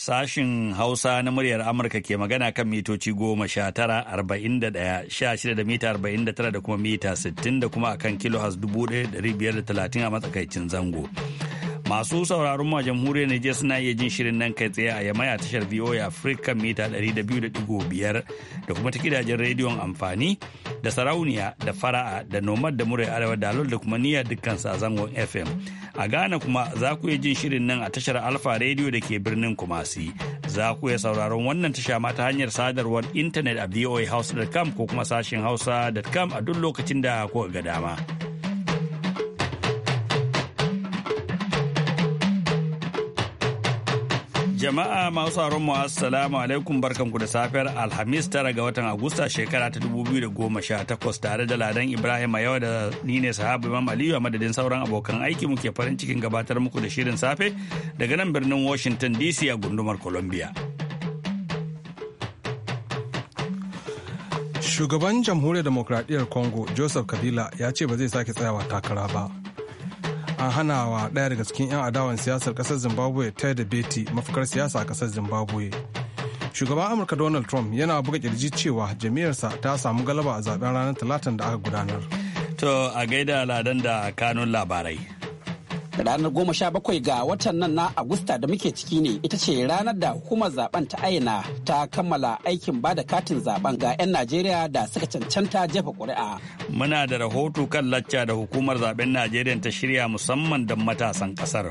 Sashin Hausa na muryar Amurka ke magana kan mitoci goma sha tara arba'in da ɗaya sha shida da mita arba'in da tara da kuma mita sittin da kuma akan has dubu ɗaya da biyar da talatin a matsakaicin zango. Masu sauraron a jamhuriyar Nijar suna iya jin shirin nan kai tsaye a yamaya tashar VOA Africa mita ɗari da biyu da da ɗigo biyar kuma ta gidajen rediyon amfani da sarauniya da fara'a da nomad da murai arewa da da kuma niyyar dukkan a zangon FM. A Ghana kuma za ku iya jin shirin nan a tashar Alfa rediyo da ke birnin Kumasi. Za ku iya sauraron wannan tasha ma ta hanyar sadarwar intanet a voahouse.com ko kuma sashin hausa.com a duk lokacin da kuka ga dama. Jama'a masu tsaron mu assalamu alaikum barkanku da safiyar Alhamis tara ga watan Agusta shekara ta dubu biyu da goma sha takwas tare da Ladan Ibrahim yau da ni ne sahabu Imam Aliyu a madadin sauran abokan aiki muke farin cikin gabatar muku da shirin safe daga nan birnin Washington DC a gundumar Columbia. Shugaban Jamhuriyar Demokradiyyar Congo Joseph Kabila ya ce ba zai sake tsayawa takara ba. an hana wa ɗaya daga cikin 'yan adawan siyasar ƙasar zimbabwe ted beti mafakar siyasa a ƙasar zimbabwe shugaban amurka donald trump yana buga kirji cewa jami'arsa ta samu galaba a zaɓen ranar talatin da aka gudanar to a gaida ladan da kanun labarai ranar goma sha bakwai ga watan nan na agusta da muke ciki ne ita ce ranar da hukumar zaben ta aina ta kammala aikin ba da katin zaben ga 'yan najeriya da suka cancanta jefa ƙuri'a muna da rahoto kan lacca da hukumar zaben najeriya ta shirya musamman don matasan kasar.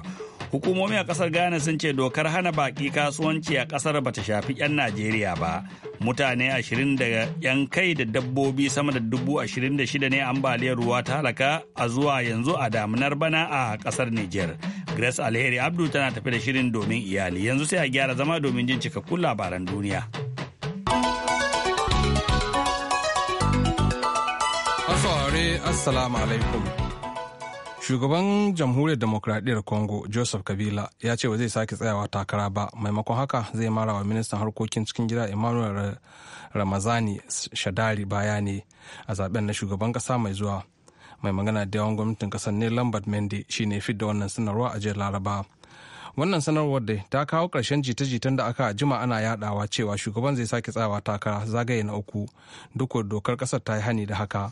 hukumomi a kasar ghana sun ce dokar hana baki kasuwanci a kasar ta shafi 'yan najeriya ba mutane 20 daga 'yan kai da dabbobi sama da dubu 26 ne ambaliyar ruwa ta halaka a zuwa yanzu a damunar bana a kasar niger grace alheri abdu tana tafi da shirin domin iyali yanzu sai a gyara zama domin jin cikakkun labaran duniya Assalamu alaikum. shugaban jamhuriyar demokradiyyar congo joseph kabila ya ce ba zai sake tsayawa takara ba maimakon haka zai mara wa ministan harkokin cikin gida emmanuel ramazani shadari baya ne a zaben na shugaban kasa mai zuwa mai magana da yawan gwamnatin kasar ne lambert mende ne fidda wannan sanarwa a jiya laraba wannan sanarwar dai ta kawo karshen jita-jitan da aka jima ana yadawa cewa shugaban zai sake tsayawa takara zagaye na uku duk dokar kasar ta yi hani da haka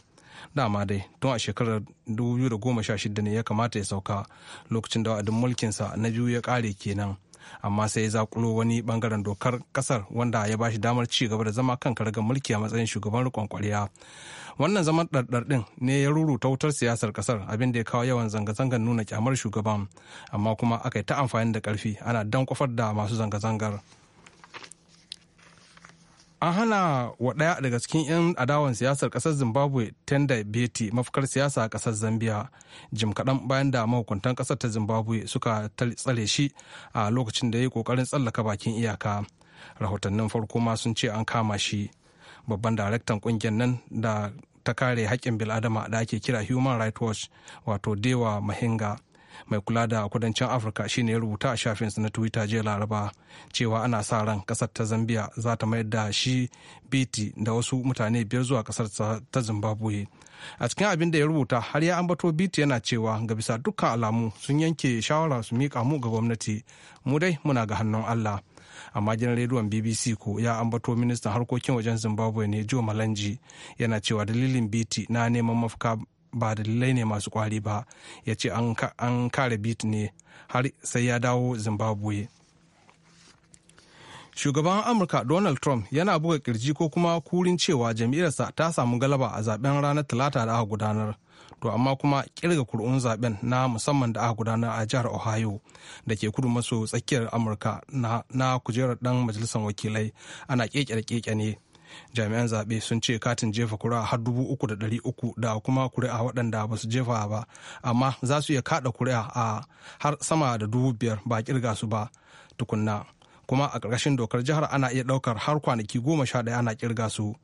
dama dai tun a shekarar 2016 ne ya kamata ya sauka lokacin da wa'adin mulkinsa na biyu ya kare kenan amma sai ya zakulo wani bangaren dokar kasar wanda ya bashi damar ci gaba da zama kan karagar mulki a matsayin shugaban rikon kwariya wannan zaman ɗarɗar ɗin ne ya ruruta wutar siyasar ƙasar abin da ya kawo yawan zanga-zangar nuna kyamar shugaban amma kuma aka yi ta amfani da ƙarfi ana dan kwafar da masu zanga-zangar. an hana wa ɗaya daga cikin 'yan adawan siyasar ƙasar zimbabwe tenda beti mafakar siyasa a ƙasar zambia jim kaɗan bayan da mahukuntan ƙasar ta zimbabwe suka tsare shi a lokacin da ya yi ƙoƙarin tsallaka bakin iyaka rahotannin farko ma sun ce an kama shi babban daraktan ƙungiyar nan da ta kare haƙƙin bil'adama da ake kira human rights watch wato dewa mahinga mai kula da kudancin afirka shine ya rubuta a shafinsa na twitter jiya laraba cewa ana sa ran kasar ta zambia za ta mayar da shi biti da wasu mutane biyar zuwa kasar ta zimbabwe a cikin abin da ya rubuta har ya ambato biti yana cewa ga bisa dukkan alamu sun yanke shawara su miƙa mu ga gwamnati mu dai muna ga hannun allah amma gidan rediyon bbc ko ya ambato ministan harkokin wajen zimbabwe ne joe malanji yana cewa dalilin biti na neman mafaka ba dalilai ne masu kwari ba ya ce an kare bit ne har sai ya dawo zimbabwe shugaban amurka donald trump yana buga kirji ko kuma kurin cewa jam'iyyarsa ta samu galaba a zaben ranar talata da aka gudanar to amma kuma kirga kur'un zaben na musamman da aka gudanar a jihar ohio da ke kudu maso tsakiyar amurka na, kujerar dan majalisar wakilai ana kekere keke ne jami'an zaɓe sun ce katin jefa kuri'a har dubu uku da ɗari uku da kuma kuri'a waɗanda ba su jefa ba amma za su iya kaɗa kuri'a a har sama da dubu biyar ba kirga su ba tukunna kuma a ƙarƙashin dokar jihar ana iya ɗaukar har kwanaki goma sha ɗaya ana kirga su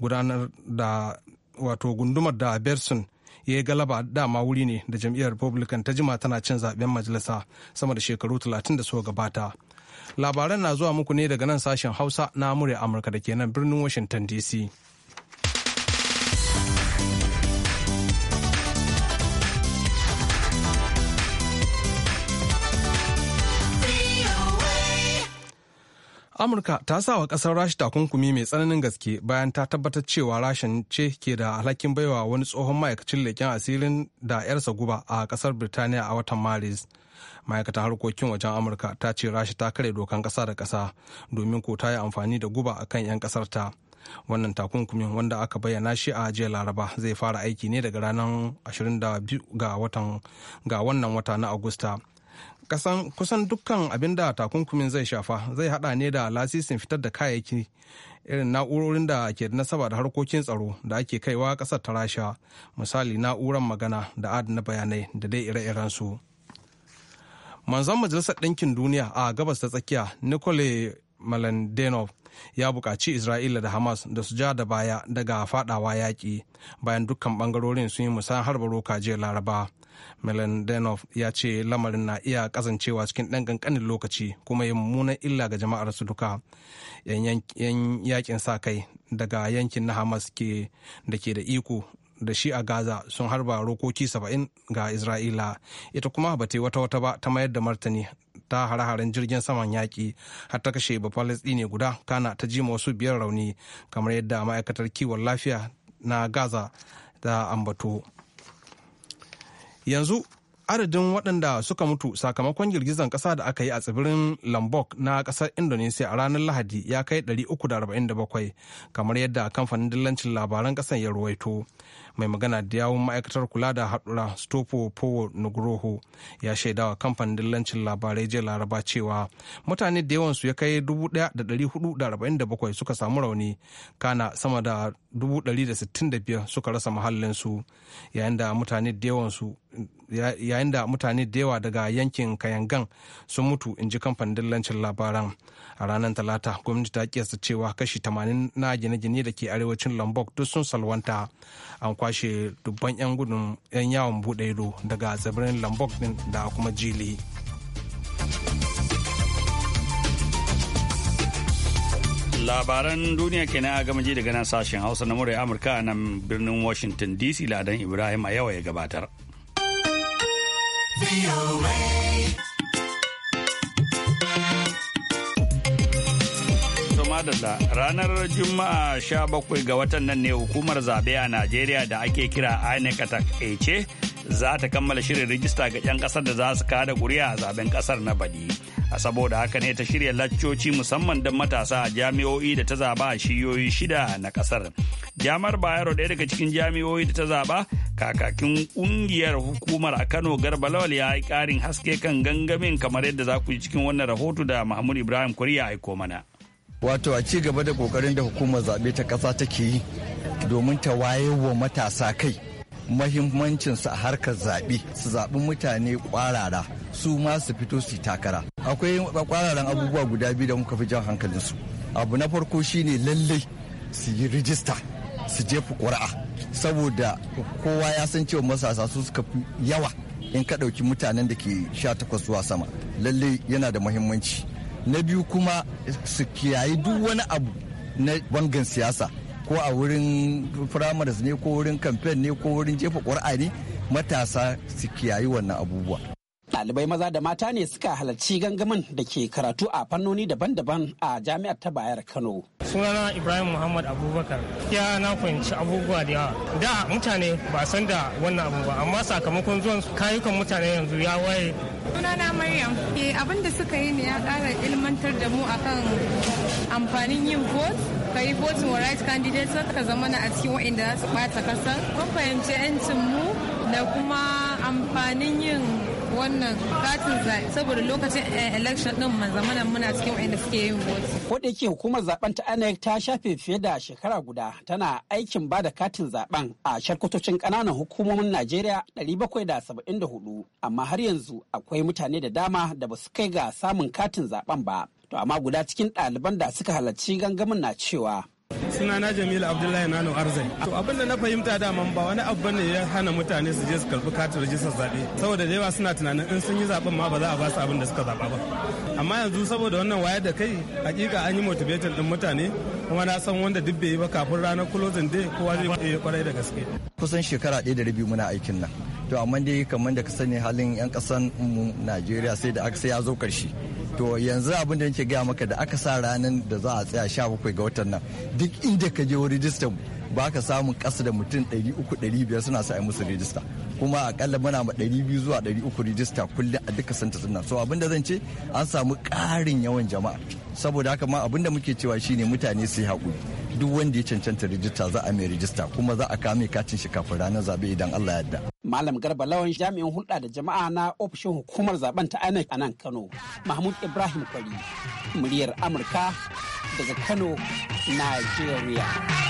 gudanar da wato gundumar da berson ya yi galaba dama wuri ne da jam'iyyar republican ta jima tana cin zaben majalisa sama da shekaru talatin da suka gabata labaran na zuwa muku ne daga nan sashen hausa na murya amurka da ke nan birnin washington dc Amurka ta sa wa ƙasar Rasha takunkumi mai tsananin gaske bayan ta tabbatar cewa Rasha ce ke da alhakin baiwa wani tsohon ma'aikacin leƙen asirin da 'yarsa guba a ƙasar Birtaniya a watan Maris. ma'aikatar harkokin wajen amurka ta ce rasha ta kare dokan ƙasa da ƙasa domin ko ta yi amfani da guba akan 'yan ƙasarta ta wannan takunkumin wanda aka bayyana shi a jiya laraba zai fara aiki ne daga ranar 22 ga wannan wata na agusta kasan kusan dukkan abin da takunkumin zai shafa zai hada ne da lasisin fitar da kayayyaki irin na'urorin da ke da nasaba da harkokin tsaro da ake kaiwa kasar ta rasha misali na'urar magana da adana bayanai da dai ire-irensu. su manzon majalisar ɗinkin duniya a gabas ta tsakiya nicole malandenov ya buƙaci isra'ila da hamas da su ja da baya daga fadawa yaƙi bayan dukkan ɓangarorin sun yi musan harba roka jiya laraba melandenov ya ce lamarin na iya kasancewa cikin ɗan ƙanƙanin lokaci kuma yin mummunan illa ga jama'ar su duka yan yakin sa kai daga yankin na hamas da ke da iko da shi a gaza sun harba rokoki saba'in ga isra'ila ita kuma ba ta yi wata wata ba ta mayar da martani ta hare-haren jirgin saman yaƙi har ta kashe ba ne guda kana ta jima wasu biyar rauni kamar yadda ma'aikatar kiwon lafiya na gaza da ambato yanzu adadin waɗanda suka mutu sakamakon girgizan ƙasa da aka yi a tsibirin lombok na ƙasar indonesia a ranar lahadi ya kai 347 kamar yadda kamfanin dillancin labaran ƙasar ya ruwaito mai magana da yawun ma'aikatar kula da haɗura stopo powo nugroho ya shaidawa kamfanin dillancin labarai jiya laraba cewa mutane da yawansu ya kai 1,447 suka samu rauni kana sama da 165 suka rasa mahallinsu yayin da mutane da yawansu yayin da mutane da yawa daga yankin kayangan sun mutu in ji kamfanin dillancin labaran a ranar talata gwamnati ta kiyasta cewa kashi 80 na gine-gine da ke arewacin lombok duk sun salwanta an kwashe dubban 'yan gudun 'yan yawon buɗe ido daga tsibirin lombok din da kuma jili labaran duniya kenan a gama daga nan sashen hausa na murai amurka a nan birnin washington dc ladan ibrahim a yawa ya gabatar. madalla ranar Juma'a sha bakwai ga watan nan ne hukumar zaɓe a Najeriya da ake kira INEC ece ce za ta kammala shirin rijista ga 'yan ƙasar da za su kada ƙuri'a a zaben ƙasar na baɗi. A saboda haka ne ta shirya laccoci musamman don matasa a jami'o'i da ta zaɓa a shiyoyi shida na ƙasar. Jamar Bayero ɗaya daga cikin jami'o'i da ta zaba kakakin ƙungiyar hukumar a Kano Garba Lawal ya yi ƙarin haske kan gangamin kamar yadda za ku yi cikin wannan rahoto da Mahmud Ibrahim Kuri aiko mana. wato a ci gaba da kokarin da hukumar zaɓe ta ƙasa take yi domin ta wayewa matasa kai mahimmancinsu a harkar zaɓe su zaɓi mutane ƙwarara su ma su fito su takara akwai ƙwararan abubuwa guda biyu da muka fi jan su abu na farko shine lallai su yi rijista su jefa ƙuri'a saboda kowa ya san cewa matasa su suka fi yawa in ka ɗauki mutanen da ke sha takwas zuwa sama lallai yana da muhimmanci na biyu kuma su kiyayi duk wani abu na bangan siyasa ko a wurin primaries ne ko wurin kamfen ne ko wurin jefa ƙwar'a ne matasa su kiyayi wannan abubuwa ɗalibai maza da mata ne suka halarci gangamin da ke karatu a fannoni daban-daban a jami'ar ta bayar kano sunana ibrahim muhammad abubakar ya na fahimci abubuwa da yawa da mutane ba san da wannan abu ba amma sakamakon zuwan kayukan mutane yanzu ya waye Sunana Maryam, eh, abin da suka yi ne ya kara ilmantar da mu akan amfanin yin vote ka yi voting wa right candidate ka zama na a cikin waɗanda za su ɓata ƙasar. kun fahimci 'yancin mu da kuma amfanin yin wannan katin zai saboda lokacin eh, election din mu zamana muna cikin wanda suke yin wasu. Ko da yake hukumar zaben ta INEC ta shafe fiye da shekara guda tana aikin ba da katin zaben a sharkutocin ƙananan hukumomin Najeriya 774 amma har yanzu akwai mutane da dama da ba su kai ga samun katin zaben ba. To amma guda cikin ɗaliban da suka halarci gangamin na cewa sunana Jamil Abdullahi Nano Arzai. To abinda na fahimta daman ba wani abu ne ya hana mutane su je su karbi katin rajistar zaɓe. Saboda da yawa suna tunanin in sun yi zaɓen ma ba za a ba su abin da suka zaɓa ba. Amma yanzu saboda wannan wayar da kai hakika an yi motivating din mutane kuma na san wanda duk bai yi ba kafin ranar closing day kowa zai kwarai da gaske. Kusan shekara ɗaya da rabi muna aikin nan. to amma dai kamar da ka sani halin 'yan kasan mu najeriya sai da aka sai ya zo karshe to yanzu abin da nake gaya maka da aka sa ranar da za a tsaya sha bakwai ga watan nan duk inda ka je rijistar ba ka samun kasa da mutum 300-500 suna sa musu rijista kuma akalla mana ma 200 zuwa 300 rijista kullum a duka santa suna so abin da zan ce an samu karin yawan jama'a saboda haka ma abin da muke cewa shine mutane su yi haƙuri duk wanda ya cancanta rijista za a mai rijista kuma za a kame katin shi kafin ranar zabe idan Allah ya yarda. Malam Garba Lawan jami'in hulɗa da jama'a na ofishin hukumar zaben ta INEC a nan Kano. Mahmud Ibrahim Kwari, muryar Amurka daga Kano, Nigeria.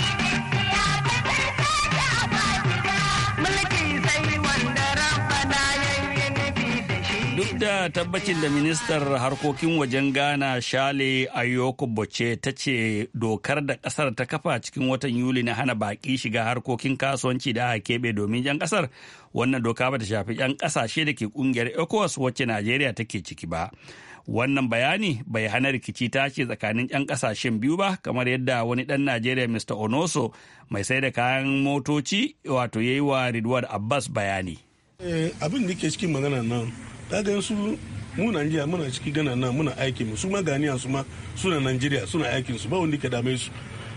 duk da tabbacin da ministar harkokin wajen ghana shale ayoko boce ta ce dokar da kasar ta kafa cikin watan yuli na hana baki shiga harkokin kasuwanci da aka keɓe domin yan kasar wannan doka ba ta shafi yan kasashe da ke kungiyar ecowas wacce najeriya take ciki ba wannan bayani bai hana rikici ta ce tsakanin 'yan kasashen biyu ba kamar yadda wani dan najeriya mr onoso mai sai da kayan motoci wato yayi wa ridwan abbas bayani eh, abin da ke cikin magana nan kaga su mu Najeriya muna ciki gana nan muna aikin mu su ma ganiya su ma suna Najeriya suna aikin su ba wanda ke dame su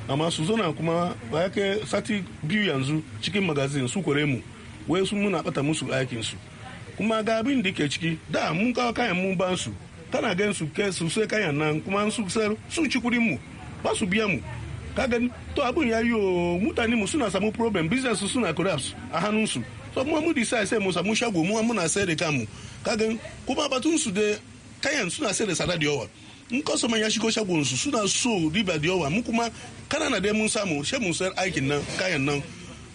amma su zona kuma ba ya kai sati biyu yanzu cikin magazin su kore mu wai su muna bata musu aikin su kuma ga abin da ke ciki da mun kawo kayan mun ba su tana gan su kai su sai kayan nan kuma su sayar su ci kudin mu ba su biya mu kaga to abin ya yi mutane mu suna samu problem business suna collapse a hannun su so mu mu decide sai mu samu shago mu muna sai ka kanmu kaga kuma batun su da kayan suna sai da sada da yawa in kwastoman ya shigo shagon su suna so riba da yawa mu kuma kanana dai mun samu sai mun sayar aikin nan kayan nan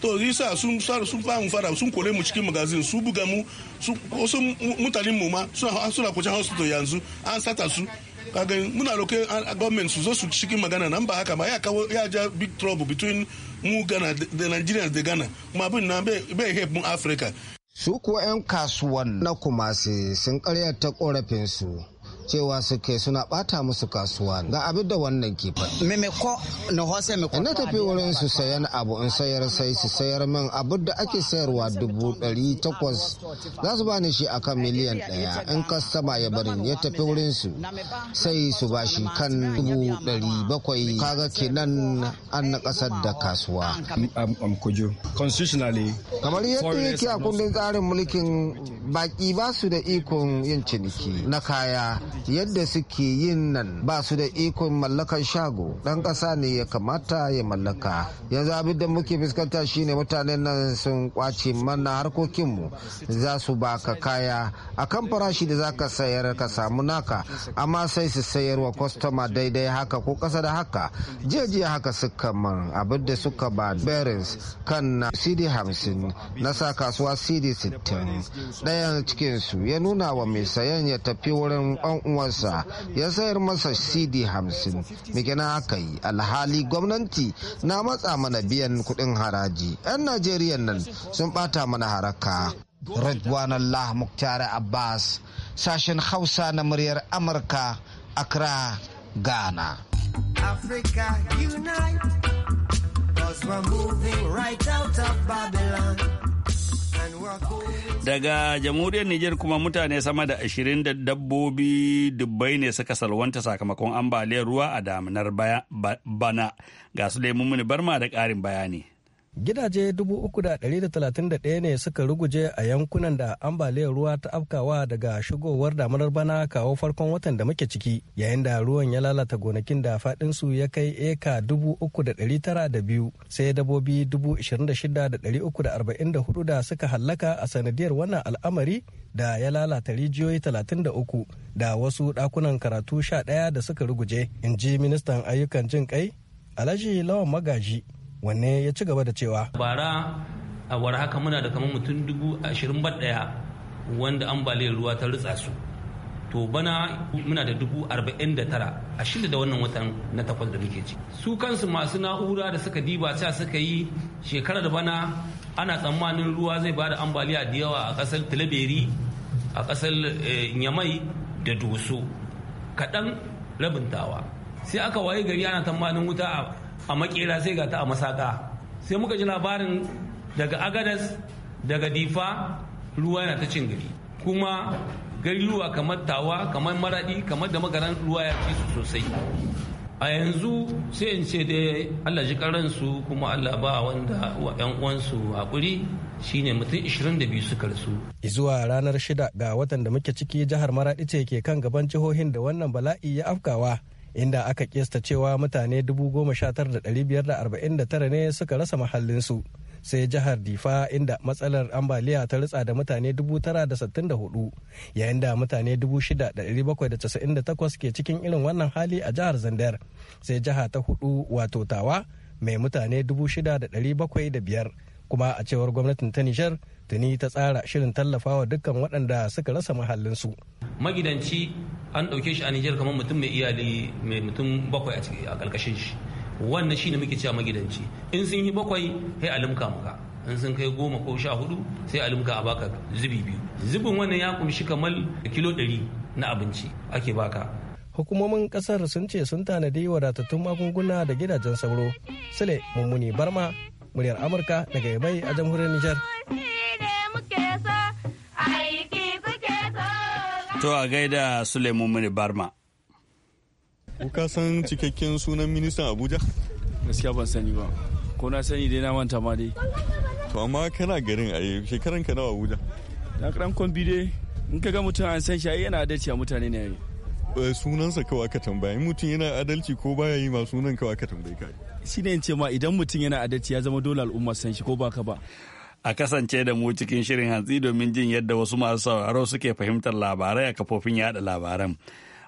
to yasa sun sun famu fara sun kore mu cikin magazin su buga mu wasu mutanen mu ma suna suna kuce hospital yanzu an sata su kaga muna roƙe government su zo su cikin magana nan ba haka ba ya kawo ya ja big trouble between mu gana da Nigerians da gana kuma abin na bai help mu Africa. Su kuwa 'yan kasuwan na Kumasi sun karyata korafinsu. cewa suke suna bata musu kasuwa ga abin da wannan ke faɗi. Na tafi wurin su sayan abu in sayar sai su sayar min abu da ake sayarwa dubu ɗari takwas za su bani shi akan miliyan ɗaya in kastama ya barin ya tafi wurin su sai su bashi kan dubu ɗari bakwai kaga kenan an na ƙasar da kasuwa. Kamar yadda yake a kundin tsarin mulkin baki ba su da ikon yin ciniki na kaya yadda suke yin nan ba su da ikon mallakar shago dan kasa ne ya kamata ya mallaka yanzu abin da muke fuskanta shine mutanen nan sun kwace mana harkokinmu za su baka kaya akan farashi da zaka sayar ka samu naka amma sai su sayar wa kwastama daidai haka ko kasa da haka jiya haka suka man abin da suka ba berins kan na cd 50 na sa kasuwa cd 60 ɗayan cikinsu ya nuna wa mai sayan ya tafi wurin uwansa ya sayar masa cd 50 na aka yi alhali gwamnati na matsa mana biyan kudin haraji 'yan najeriya nan sun bata mana haraka Ridwanallah Muktar Abbas, sashen Hausa na muryar Amurka, Accra, Ghana. Africa unite, we're moving right out of Babylon. Daga jamhuriyar Nijar kuma mutane sama da ashirin da dabbobi dubbai ne suka salwanta sakamakon ambaliyar ruwa a daminar bana ga su mini barma da karin bayani. Gidaje 331 ne suka ruguje a yankunan da ambaliyar ruwa ta afkawa daga shigowar damarar bana kawo farkon watan da muke ciki yayin da ruwan ya lalata gonakin da faɗinsu ya kai eka 3,902 sai dabobi 26,344 da suka hallaka a sanadiyar wannan al'amari da ya lalata rijiyoyi 33 da wasu ɗakunan karatu 11 da suka ruguje in ji ministan ayyukan jin kai alhaji lawan magaji wanne ya ci gaba da cewa bara a war haka muna da kamar mutum dubu ashirin ba daya wanda ambaliyar ruwa ta rutsa su to bana muna da dubu arba'in da tara a shida da wannan watan na takwas da muke ci su kansu masu na'ura da suka diba ta suka yi shekarar bana ana tsammanin ruwa zai bada ambaliya da yawa a kasar tilaberi a kasar eh, nyamai da doso kaɗan rabintawa sai aka waye gari ana tsammanin wuta a makera sai ga ta a masaka sai muka ji labarin daga agadas daga difa ruwa yana ta cin gari kuma gariruwa kamar tawa kamar maradi kamar da magaran ruwa ya ci su sosai a yanzu sai in ce dai allah ji karansu kuma allah ba wanda yan uwansu hakuri shine mutum 22 suka rasu zuwa ranar shida ga watan da muke ciki jihar maradi ce ke kan gaban jihohin da wannan bala'i ya afkawa inda aka kista cewa mutane 19,549 ne suka rasa mahallinsu sai jihar difa inda matsalar ambaliya ta ritsa da mutane 964 yayin da mutane 6,798 ke cikin irin wannan hali a jihar zandar sai jiha ta hudu wato tawa mai mutane 6,705 kuma a cewar gwamnatin ta nijar tuni ta tsara shirin tallafawa dukkan waɗanda suka rasa mahallinsu. magidanci an ɗauke shi a nijar kamar mutum mai iyali mai mutum bakwai a ƙarƙashin shi wannan shine muke cewa magidanci in sun yi bakwai sai a limka maka in sun kai goma ko sha hudu sai a limka a baka zubi biyu zubin wannan ya kumshi kamar kilo ɗari na abinci ake baka hukumomin kasar sun ce sun tanadi wadatattun magunguna da gidajen sauro sule mummuni barma muryar amurka daga yabai a jamhuriyar nijar To a gaida Suleiman Mini Barma. Kuka san cikakken sunan ministan Abuja? Gaskiya ban sani ba. Ko na sani dai na manta ma dai. To amma kana garin a shekaran ka nawa Abuja? Na karan kwambi dai in ka ga mutum an san shi ai yana adalci a mutane ne yayi. Eh, sunansa kawai ka tambaye mutum yana adalci ko baya yi ma sunan kawai ka tambaye ka. Shi ne in ce ma idan mutum yana adalci ya zama dole al'umma san shi ko baka ba. a kasance da mu cikin shirin hantsi domin jin yadda wasu masu sauraro suke fahimtar labarai a kafofin yada labaran.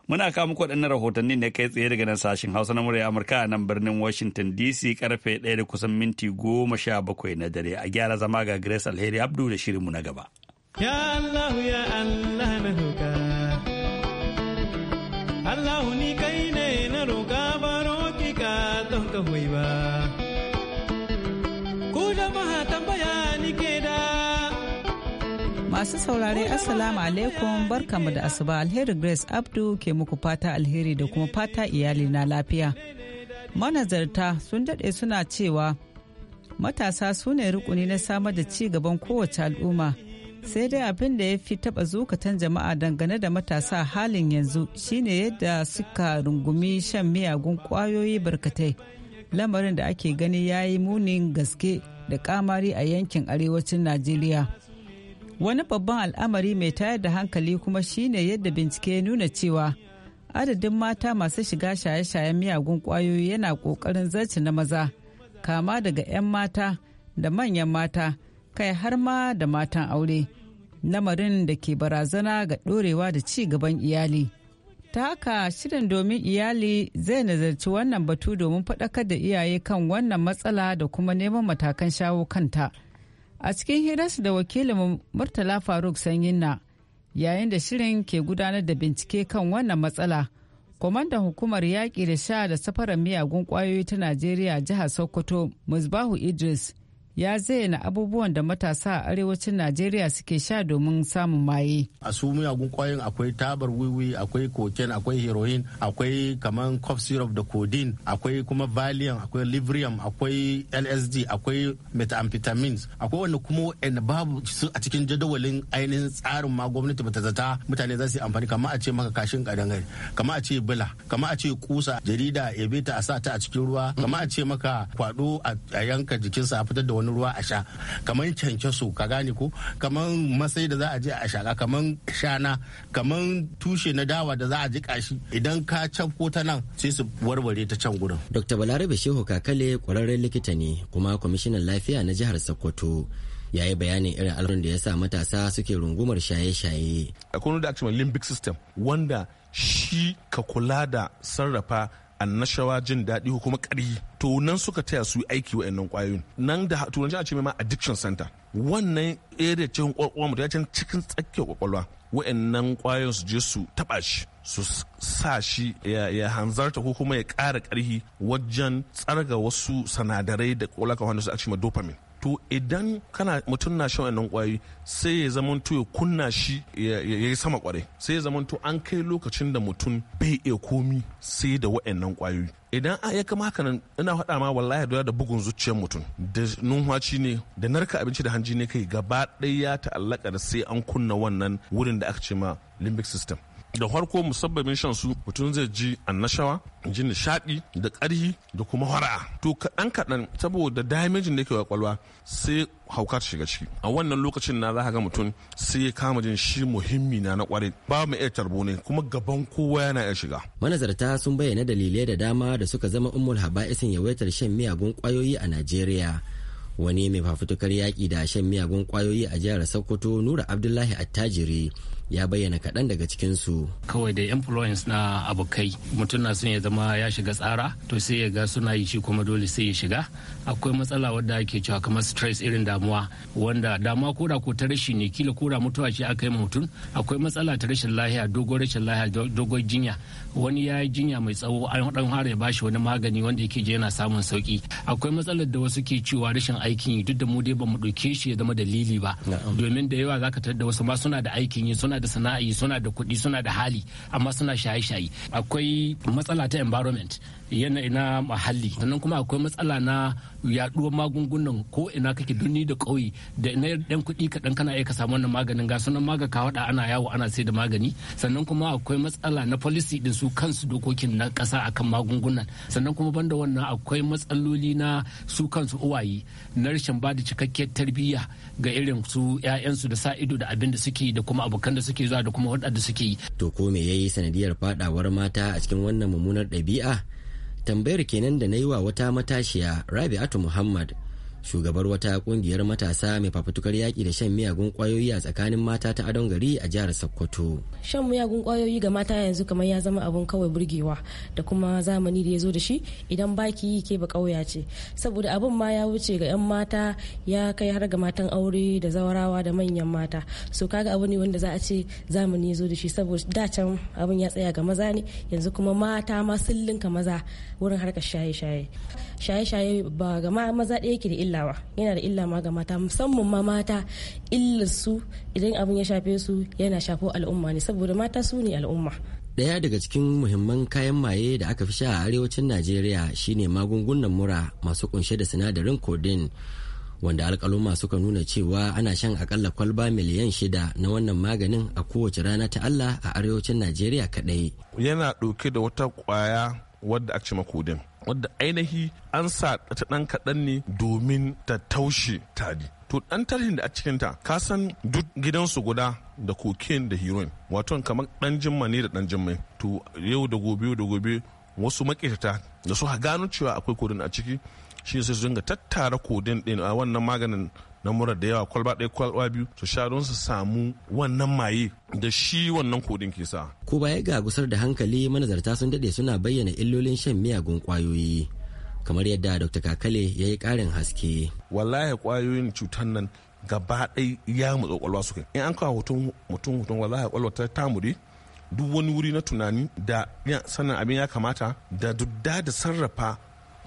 Muna kawo muku waɗannan rahotanni ne kai tsaye daga nan sashen Hausa na murya Amurka a nan birnin Washington DC karfe ɗaya da kusan minti goma sha bakwai na dare a gyara zama ga Grace Alheri Abdu da mu na gaba. Ya Allah ya Allah na roka Allah ni kai ne na roƙa baro ki ka don ka ba. Masu saurare Assalamu alaikum barkamu da asuba alheri Grace Abdu ke muku fata alheri da kuma fata iyali na lafiya. Manazarta sun dade suna cewa matasa su ne rukuni na samar da ci gaban kowace al'umma sai dai abin da ya fi taɓa zukatan jama'a dangane da matasa halin yanzu shine yadda suka rungumi shan miyagun ƙwayoyi barkatai lamarin da ake gani ya yi munin gaske da kamari a yankin arewacin najeriya wani babban al'amari mai tayar da hankali kuma shine yadda bincike ya nuna cewa adadin mata masu shiga shaye-shayen miyagun kwayoyi yana ƙoƙarin zarce na maza kama daga 'yan mata da manyan mata kai har ma da matan aure lamarin da ke barazana ga ɗorewa da ci gaban iyali ta haka shirin domin iyali zai nazarci wannan batu domin faɗakar da iyaye kan wannan matsala da kuma neman matakan shawo kanta. a cikin hirarsu da wakilin murtala faruk sanyinna yayin da shirin ke gudanar da bincike kan wannan matsala kwamandan hukumar yaƙi da sha da safarar miyagun ƙwayoyi ta najeriya jihar sokoto musbahu idris ya zayyana abubuwan da matasa a arewacin Najeriya suke sha domin samun maye. A su miyagun kwayoyin akwai tabar wiwi, akwai cocaine, akwai heroin, akwai kaman cough syrup da codeine, akwai kuma valium, akwai librium, akwai LSD, akwai methamphetamines, akwai wanda kuma wanda babu su a cikin jadawalin ainihin tsarin ma gwamnati bata zata mutane za su yi amfani kamar a ce maka kashin kadangare, kamar a ce bila, kamar a ce kusa jarida ebe ta a sa ta a cikin ruwa, kamar a ce maka kwado a yanka jikinsa a fitar da wani wani ruwa a sha kamar kyankyaso ka gane ko kamar masai da za a je a shaka kamar shana kamar tushe na dawa da za a ji kashi idan ka cafko ta nan sai su warware ta can gurin. Dr. Balarabe Shehu Kakale kwararren likita ne kuma kwamishinan lafiya na jihar Sokoto. ya yi bayanin irin alamun da ya sa matasa suke rungumar shaye-shaye. Akwai wani da limbic system wanda shi ka kula da sarrafa annashawa jin daɗi ko kuma ƙari to nan suka taya su aiki wa'annan ƙwayoyin nan da turanci a ce ma addiction center wannan area cikin ƙwaƙwalwa mutum can cikin tsakiyar ƙwaƙwalwa wa'annan ƙwayoyin su je su taɓa shi su sa shi ya hanzarta ko kuma ya ƙara ƙarhi wajen tsarga wasu sanadarai da ƙwaƙwalwa wanda su a ce ma dopamine to idan kana mutum na shan wannan kwayoyi sai ya zama to ya kunna shi ya yi sama kwarai sai ya zama to an kai lokacin da mutum bai iya komi sai da wa'annan kwayoyi idan a ya kama haka nan ina faɗa ma wallahi doya da bugun zuciyar mutum da numfashi ne da narka abinci da hanji ne kai gaba ɗaya ya ta'allaka da sai an kunna wannan wurin da aka ce ma limbic system da farko musabbabin shan su mutum zai ji annashawa ji nishadi da ƙarhi da kuma fara'a to kaɗan kaɗan saboda damajin da yake wa kwalwa sai hauka shiga ciki a wannan lokacin na za ga mutum sai ya kama jin shi muhimmi na na kwarai ba mu iya tarbo ne kuma gaban kowa yana iya shiga manazarta sun bayyana dalilai da dama da suka zama ummul haba'isin yawaitar shan miyagun kwayoyi a najeriya wani mai fafutukar yaƙi da shan miyagun kwayoyi a jihar sokoto nura abdullahi attajiri ya bayyana kaɗan daga cikinsu. Kawai da influence na abokai mutum na son ya zama ya shiga tsara to sai ya ga suna yi shi kuma dole sai ya shiga. Akwai matsala wadda ake cewa kamar stress irin damuwa wanda damuwa da ko ta rashi ne kila da mutuwa ce aka yi mutum akwai matsala ta rashin lahiya dogon rashin lahiya dogon jinya wani ya yi jinya mai tsawo an dan har ya bashi wani magani wanda yake je yana samun sauki akwai matsalar da wasu ke cewa rashin aikin yi duk da mu dai ba mu ɗauke shi ya zama dalili ba domin da yawa zaka ka da wasu ma suna da aikin yi suna suna da sana'i suna da kuɗi suna da hali amma suna shaye-shaye akwai matsala ta environment yanayi na muhalli sannan kuma akwai matsala na yaduwar magungunan ko ina kake duni da ƙauye da ina ɗan kuɗi kaɗan kana iya ka samu wannan maganin ga sunan maga ka waɗa ana yawo ana sai da magani sannan kuma akwai matsala na policy din su kansu dokokin na ƙasa akan magungunan sannan kuma banda wannan akwai matsaloli na su kansu uwaye na rashin ba da cikakkiyar tarbiyya ga irin su 'ya'yansu da sa ido da abin da suke da kuma abokan da suke zuwa da kuma waɗanda suke yi. To ko me yayi sanadiyar fadawar mata a cikin wannan mummunar ɗabi'a? Tambayar kenan da na yi wa wata matashiya Rabi'atu Muhammad shugabar wata kungiyar matasa mai fafutukar yaƙi da shan miyagun ƙwayoyi a tsakanin mata ta adon gari a jihar sokoto shan miyagun ƙwayoyi ga mata yanzu kamar ya zama abun kawai burgewa da kuma zamani da ya zo da shi idan baki yi ke ba ƙauya ce saboda abun ma ya wuce ga 'yan mata ya kai har ga matan aure da zawarawa da manyan mata so kaga abu ne wanda za a ce zamani ya zo da shi saboda da can abun ya tsaya ga maza ne yanzu kuma mata ma sun linka maza wurin harkar shaye-shaye shaye-shaye ba ga maza ɗaya ke da illa illawa yana da illa ma ga mata musamman ma mata illarsu idan abin ya shafe su yana shafo al'umma ne saboda mata su ne al'umma Daya daga cikin muhimman kayan maye da aka fi sha a arewacin Najeriya shine magungunan mura masu kunshe da sinadarin codeine wanda alkaluma suka nuna cewa ana shan akalla kwalba miliyan shida na wannan maganin a kowace rana ta Allah a arewacin Najeriya kadai. Yana ɗauke da wata kwaya wadda a cima makudin. wadda ainihi an sa ta ɗan kaɗan ne domin ta taushe tari to ɗan tarihin da a cikinta ka san duk gidansu guda da kokain da heroin wato kamar ɗan jimma ne da ɗan jimma. to yau da gobe da gobe wasu makirta da su gano cewa akwai kodin a ciki shi sai su dinga tattara kodin ɗin a wannan maganin na mura da yawa kwalba ɗaya kwalba biyu to sha don su samu wannan maye da shi wannan kodin ke sa. Ko baya ga gusar da hankali manazarta sun daɗe suna bayyana illolin shan miyagun ƙwayoyi. kamar yadda dr kakale ya yi ƙarin haske wallahi ƙwayoyin cutar nan gaba ɗai ya mutsa ƙwalwa su in an kawo hoton mutum hoton wallahi ƙwalwa ta tamuri duk wani wuri na tunani da sanin abin ya kamata da dudda da sarrafa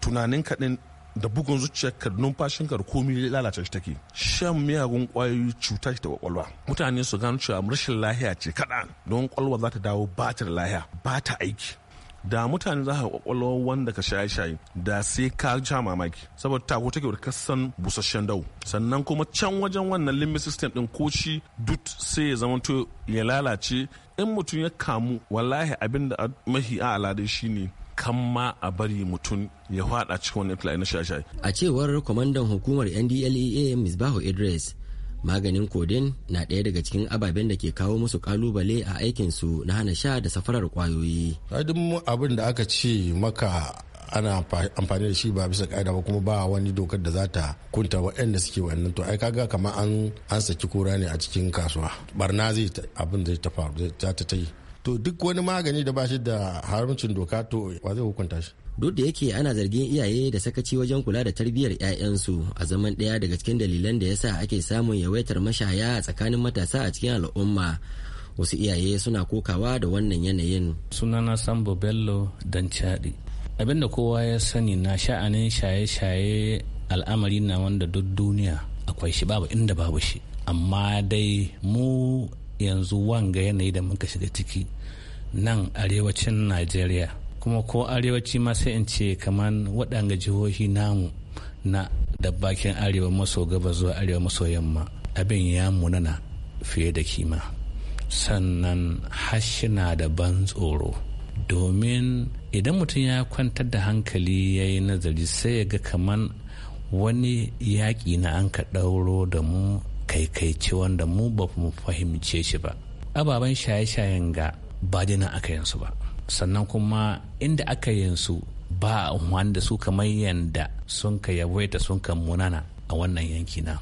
tunanin kaɗin da bugun zuciyarka numfashinka da komi lalace shi take shan miyagun kwayoyi cuta ta kwakwalwa mutane su gano cewa rashin lahiya ce kaɗan don kwakwalwa za ta dawo ba ta da lahiya ba ta aiki da mutane za ka kwakwalwa wanda ka shaye-shaye da sai ka ja mamaki saboda tako take da kasan busasshen dau sannan kuma can wajen wannan limbic system din koci duk sai ya zama ya lalace in mutum ya kamu wallahi abinda da mahi a shi shine kan ma a bari mutum ya fada cikin wani iftila'i na shaye A cewar kwamandan hukumar NDLEA Misbahu Idris, maganin kodin na ɗaya daga cikin ababen da ke kawo musu kalubale a aikin su na hana sha da safarar kwayoyi. Duk abin da aka ce maka ana amfani da shi ba bisa ka'ida ba kuma ba wani dokar da za ta kunta waɗanda suke wannan to ai kaga kamar an an saki kura ne a cikin kasuwa barna zai abin zai ta faru za ta yi to duk wani magani da ba shi da haramcin doka to wa zai hukunta shi duk da yake ana zargin iyaye da sakaci wajen kula da tarbiyyar 'ya'yansu a zaman ɗaya daga cikin dalilan da yasa ake samun yawaitar mashaya a tsakanin matasa a cikin al'umma wasu iyaye suna kokawa da wannan yanayin sunana sambo bello dan chadi abinda kowa ya sani na sha'anin shaye-shaye al'amari na wanda duk duniya akwai shi babu inda babu shi amma dai mu yanzu wanga yanayi da muka shiga ciki nan arewacin najeriya kuma ko arewaci ma sai in ce kamar waɗanga jihohi namu na da bakin arewa maso gaba zuwa arewa maso yamma abin ya munana fiye da kima sannan hashina da ban tsoro domin idan mutum ya kwantar da hankali ya yi nazari sai ya ga kamar wani yaƙi na an ka ɗauro da mu kaikaici wanda mu ba mu fahimce shi ba ababen shaye-shayen ga ba dina aka yin ba sannan kuma inda aka yin su ba wanda su kamar yanda sun ka yawaita sun ka munana a wannan yanki na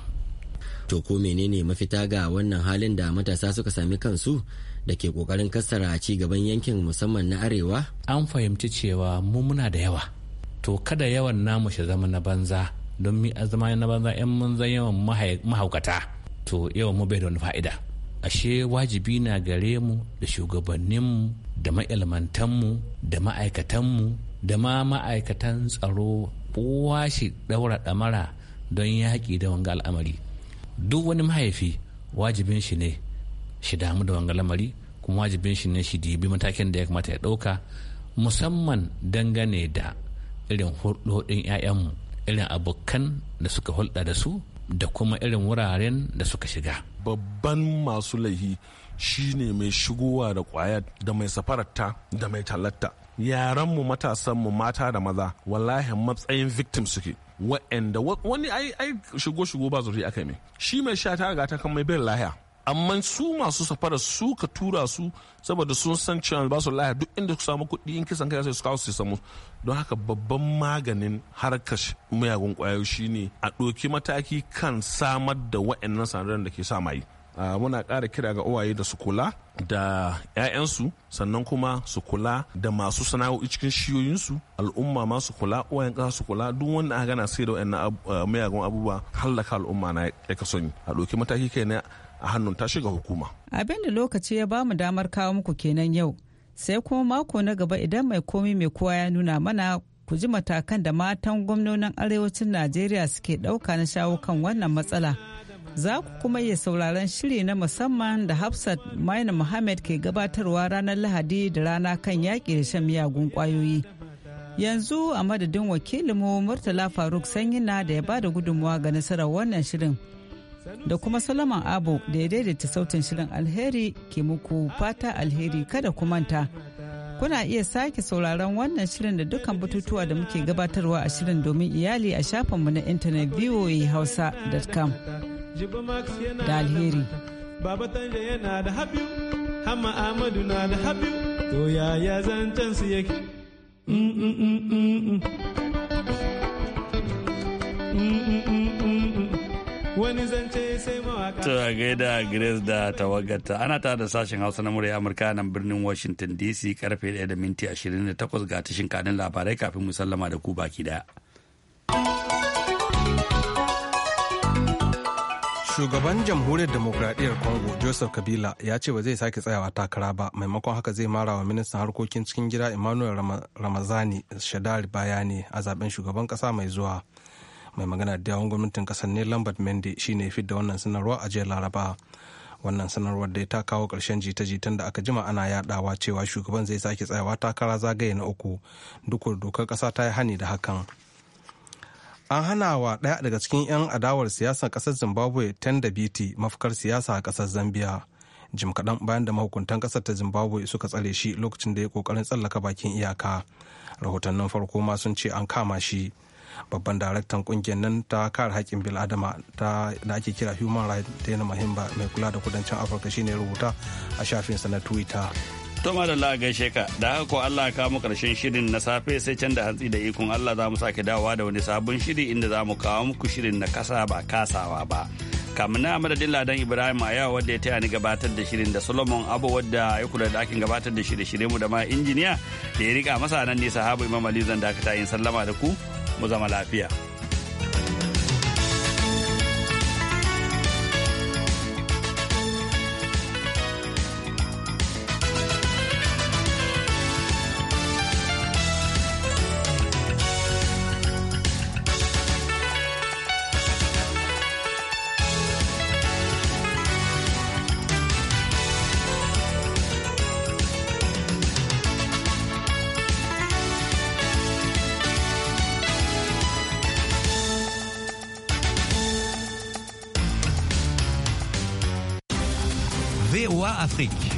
to ko menene mafita ga wannan halin da matasa suka sami kansu da ke kokarin kassara ci gaban yankin musamman na arewa an fahimci cewa mu muna da yawa to kada yawan namu shi zama na banza don mi zama na banza 'yan mun zan yawan mahaukata to yawan mu bai da wani fa'ida ashe wajibi na gare mu da shugabanninmu da ma'ilmantanmu da ma'aikatanmu da ma ma'aikatan tsaro kowa shi ɗaura ɗamara don yaƙi da wanga al'amari duk wani mahaifi wajibin shi ne shi damu da wanga lamari kuma wajibin shi ne shi dibi matakin da ya kamata ya ɗauka musamman dangane da irin hulɗoɗin 'ya'yanmu irin abokan da suka hulɗa da su da kuma irin wuraren da suka shiga babban masu laihi ne mai shigowa da kwaya da mai safararta da mai talatta yaranmu matasanmu mata da maza wallahi matsayin victim suke wa'anda wani ai shigo shigo ba zuri aka mai shi mai sha ta ga ta kan mai bin lahiya amma su masu safara su ka tura su saboda sun san cewa ba su laya duk inda su samu kuɗi in kisan kai sai su kawo su samu don haka babban maganin harkar miyagun kwayo shine a ɗoki mataki kan samar da wa'annan sanarren da ke sa mai muna ƙara kira ga uwaye da su kula da 'ya'yansu sannan kuma su kula da masu sana'o'i cikin shiyoyinsu al'umma ma su kula uwayen ƙasa su kula duk wanda aka gana sai da wa'annan miyagun abubuwa hallaka al'umma na ya kasoni a ɗauki mataki kai na a hannun tashi ga hukuma. Abin da lokaci ya bamu damar kawo muku kenan yau. Sai kuma mako na gaba idan mai komi mai kowa ya nuna mana ku ji matakan da matan gwamnonin arewacin Najeriya suke ɗauka na shawo kan wannan matsala. Za ku kuma iya sauraron shiri na musamman da Hafsat Maina Muhammad ke gabatarwa ranar Lahadi da rana kan yaƙi da shan miyagun ƙwayoyi. Yanzu a madadin wakilinmu Murtala Faruk Sanyina da ya bada gudunmawa ga nasarar wannan shirin. da kuma Solomon Abu da ya daidaita sautin shirin alheri ke muku fata alheri kada ku manta. Kuna iya sake sauraron wannan shirin da dukkan batutuwa da muke gabatarwa a shirin domin iyali a shafinmu na intanet voahausa.com. Da alheri. mm Mm-mm-mm-mm. wani zance sai mawaka. gaida Grace da tawagata ana tare da sashen Hausa na murya Amurka nan birnin Washington DC karfe 1 da minti 28 ga tashin kanin labarai kafin mu sallama da ku baki daya. Shugaban jamhuriyar demokradiyyar Congo Joseph Kabila ya ce ba zai sake tsayawa takara ba maimakon haka zai mara wa ministan harkokin cikin gida Emmanuel Ramazani Shadari bayani a zaben shugaban kasa mai zuwa. mai magana da yawon gwamnatin kasar ne lambert mende shine ya fidda wannan sanarwa a jiya laraba wannan sanarwar da ta kawo karshen jita-jitan da aka jima ana yadawa cewa shugaban zai sake tsayawa takara zagaye na uku duk dokar ƙasa ta yi hani da hakan an hana wa ɗaya daga cikin 'yan adawar siyasa ƙasar zimbabwe tenda biti mafakar siyasa a ƙasar zambia jim kaɗan bayan da mahukuntan ƙasar ta zimbabwe suka tsare shi lokacin da ya ƙoƙarin tsallaka bakin iyaka rahotannin farko ma sun ce an kama shi babban daraktan kungiyar nan ta kare haƙƙin bil'adama da ake kira human rights yana mahimba mai kula da kudancin afirka shine rubuta a shafin sa na twitter to madalla gaishe ka da haka ko Allah ka mu karshen shirin na safe sai can da hantsi da ikon Allah za mu sake dawowa da wani sabon shiri inda za mu kawo muku shirin na kasa ba kasawa ba kamun na madadin ladan ibrahim a yawa wadda ya taya ni gabatar da shirin da solomon abu wadda ya kula da akin gabatar da shirye-shirye mu da ma injiniya da ya rika masa nan ne sahabu imam ali zan dakata yin sallama da ku mu zama lafiya.